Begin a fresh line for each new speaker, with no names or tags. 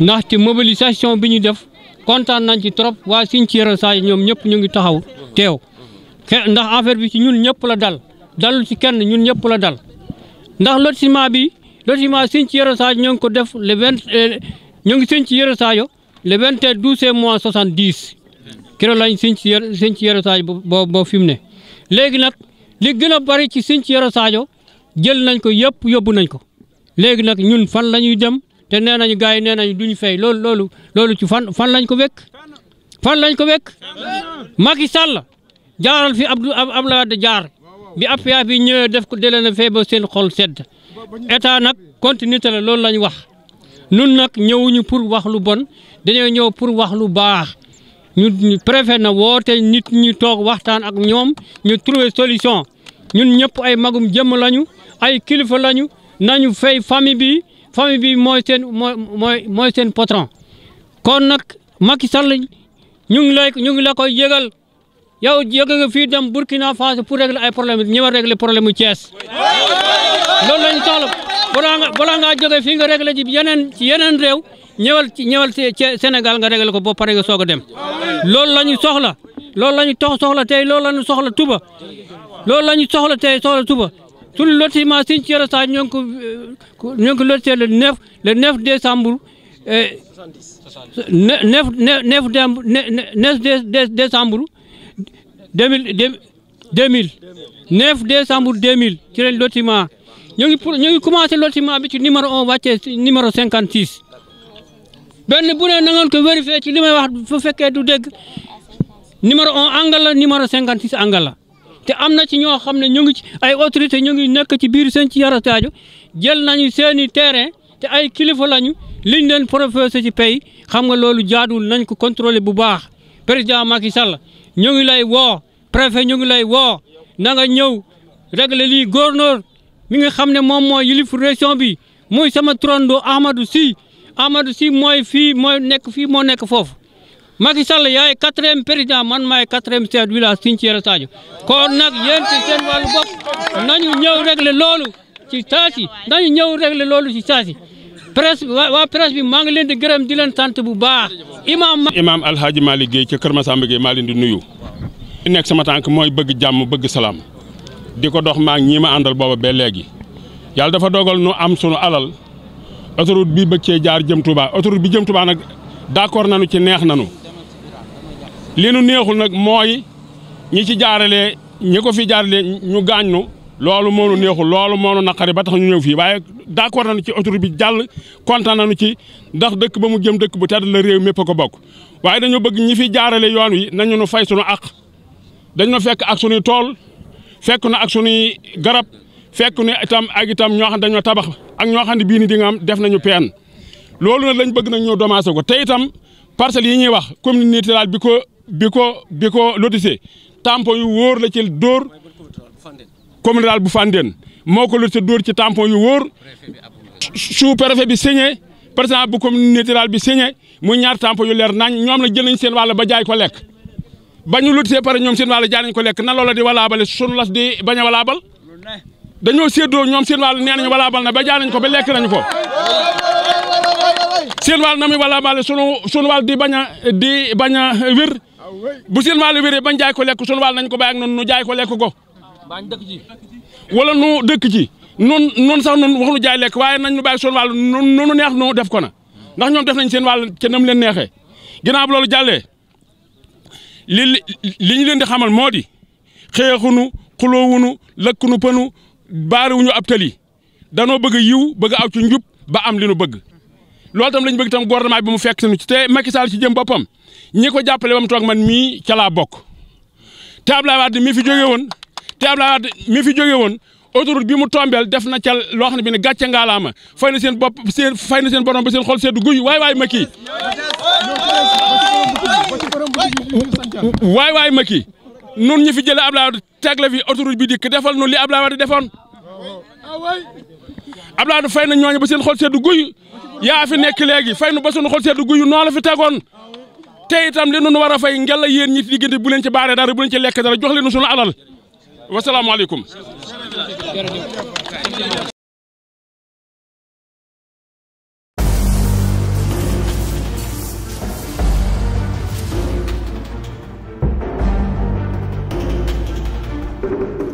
ndax ndaxte mobilisation bi ñu def kontaan nañ ci trop waa Sine Thiéré Sathie ñoom ñëpp ñu ngi taxaw teew ndax affaire bi ci ñun ñëpp la dal dalul ci kenn ñun ñëpp la dal ndax lotissement bi lotissement Sine Thiéré Sathie ñoo ngi ko def le vingt euh, ñoo ngi Sine Thiéré Sathie le vingt et douze mois soixante dix kilo lañ Sine Thiéré Sine Thiéré Sathie boo boo fi mu ne léegi nag li gën a bari ci Sine Thiéré Sathie jël nañ ko yëpp yóbbu nañ ko léegi nag ñun fan la dem te nee nañu gars yi nee nañu duñu fay loolu loolu loolu ci fan fan lañ ko wekk fan lañ ko wekk Macky salla jaaral fi Abdou Abdoulaye Wade jaar bi APA bi ñëwee def ko dele na fee ba seen xol sedd état nag continuité la loolu lañ wax nun nag ñëwuñu pour wax lu bon dañoo ñëw pour wax lu baax ñu préfet na woote nit ñi toog waxtaan ak ñoom ñu trouver solution ñun ñëpp ay magum jëmm lañu ay kilifa lañu nañu fay famille bi famille bii mooy seen mooy mooy mooy seen patron kon nag Macky Sall ñu ngi lay ñu ngi la koy yëgal yow yëg nga fii dem Burkina Faso pour régler ay problème ñëwal régler problème mu Thiès loolu lañu soxla balaa nga balaa ngaa fii nga régler ci yeneen ci yeneen réew ñëwal ci ñëwal Sénégal nga régler ko ba pare nga soog a dem loolu la ñu soxla loolu la ñu tox soxla tey lool lañu ñu soxla tuba loolu la ñu soxla tey soxla tuba suñu lotissement Sine Thioro Sarr ñoo ngi ko ñoo ngi ko lotissé le 9 le 9 décembre. 9 9 9 9 décembre 2000 2000 9 décembre 2000 ci lañ lotissement ñu ngi ñu ngi commencé lotissement bi ci numéro 1 wàccee numéro 56. benn bu ne na ngeen ko vérifié ci li may wax bu fekkee du dégg numéro 1 angle la numéro 56 angle te am na ci ñoo xam ne ñu ngi ci ay autorité ñu ngi nekk ci biir seen ci yarataajo jël nañu seen i terrain te ay kilifa lañu liñ leen professé ci pays xam nga loolu jaaduwul nañ ko contrôler bu baax président Macky Sall ñu ngi lay woo préfet ñu ngi lay woo nanga nga ñëw régler lii gouverneur mi nga xam ne moom mooy yilif région bi muy sama turandoo Amadou si Amadou si mooy fii mooy nekk fii moo nekk foofu Macky Sall yaay quatrième président man maay quatrième chef de village Sinthiara Sadio kon nag yéen ci seen bopp nañu ñëw régler loolu ci saasi
nañu ñëw régler loolu ci saasi presse waa presse bi maa ngi leen di gërëm di leen sant bu baax imaam. imaam alxaaj Malick Guèye ca Kër samba Guèye maa leen di nuyu. li nekk sama tànk mooy bëgg jàmm bëgg salaam di ko dox maa ngi ñii ma àndal booba ba léegi yàlla dafa dogal nu am sunu alal autoroute bi bëccee jaar jëm Touba autoroute bi jëm Touba nag d'accord nañu ci neex nañu li nu neexul nag mooy ñi ci jaarale ñi ko fi jaaralee ñu gaañ nu loolu moo nu neexul loolu moo nu naqari ba tax ñu ñëw fii waaye d'accord nañu ci autoroute bi jàll kontaan nu ci ndax dëkk ba mu jëm dëkk bu tedd la réew mépp ko bokk waaye dañoo bëgg ñi fi jaarale yoon wi nañu nu fay sunu àq dañu fekk ak su sunuy tool fekk na ak sunuy garab fekk na itam ak itam ñoo xam dañoo tabax ak ñoo xam ne bii ni di nga am def nañu peen loolu nag lañ bëgg nag ñoo domaase ko te itam parcelles yi ñuy wax bi ko bi ko lotissé tampon yu wóor la ci dóor commune rurale bu Fandène moo ko lotissé dóor ci tampon yu wóor sous préfet bi signé président bu communauté bi signé mu ñaar tampon yu leer nañ ñoom la jël nañ seen wàll ba jaay ko lekk bañu ñu lotissé pare ñoom seen wàll jaay ko lekk na loola di walaabale sunu las di bañ a walaabal dañoo séddoo ñoom seen wàll nee nañu walaabal na ba ko ba lekk nañu ko seen na muy walaabale sunu sunu wàll di bañ a di bañ bu silmaale wéree bañ jaay ko lekk soon wàll nañ ko bàyyi ak noonu nu jaay ko lekk ko wala nu dëkk ci noonu noonu sax noonu waxuñu jaay lekk waaye nañ nu bàyyi sunu wàll noonu neex nu def ko na ndax ñoom def nañ seen wàll ca nam leen neexee ginnaaw bi loolu jàllee li li ñu leen di xamal moo di xeexunu xuloowunu lëkkunu pënu baariwuñu ab tali danoo bëgg yiw bëgg aw ci njub ba am li nu bëgg loolu tam lañu bëgg tam gouvernement bi mu fekk sunu ci te Macky Sall ci jëm boppam ñi ko jàppale ba mu toog man mi ca laa bokk te Abdoulaye Wade mi fi jóge woon te Abdoulaye Wade mi fi jóge woon autoroute bi mu tombeel def na ca loo ne bi ne gàcce ngaalaama fay seen bopp seen fay seen borom ba seen xol seddu guy waay waay Macky waay waay Macky nun ñi fi jël Abdoulaye Wade teg la fi autoroute bi dikk defal nun li Abdoulaye Wade defoon Abdoulaye Wade fay na ñooñu ba seen xol seddu guy yaa fi nekk léegi fay nu ba sunu xol sedd guyu noo la fi tegoon te itam li nu war a fay ngela yéen ñi diggante bu leen ci baaree dara bu leen lekk dara jox leen sunu alal wasalaamaaleykum.
Thank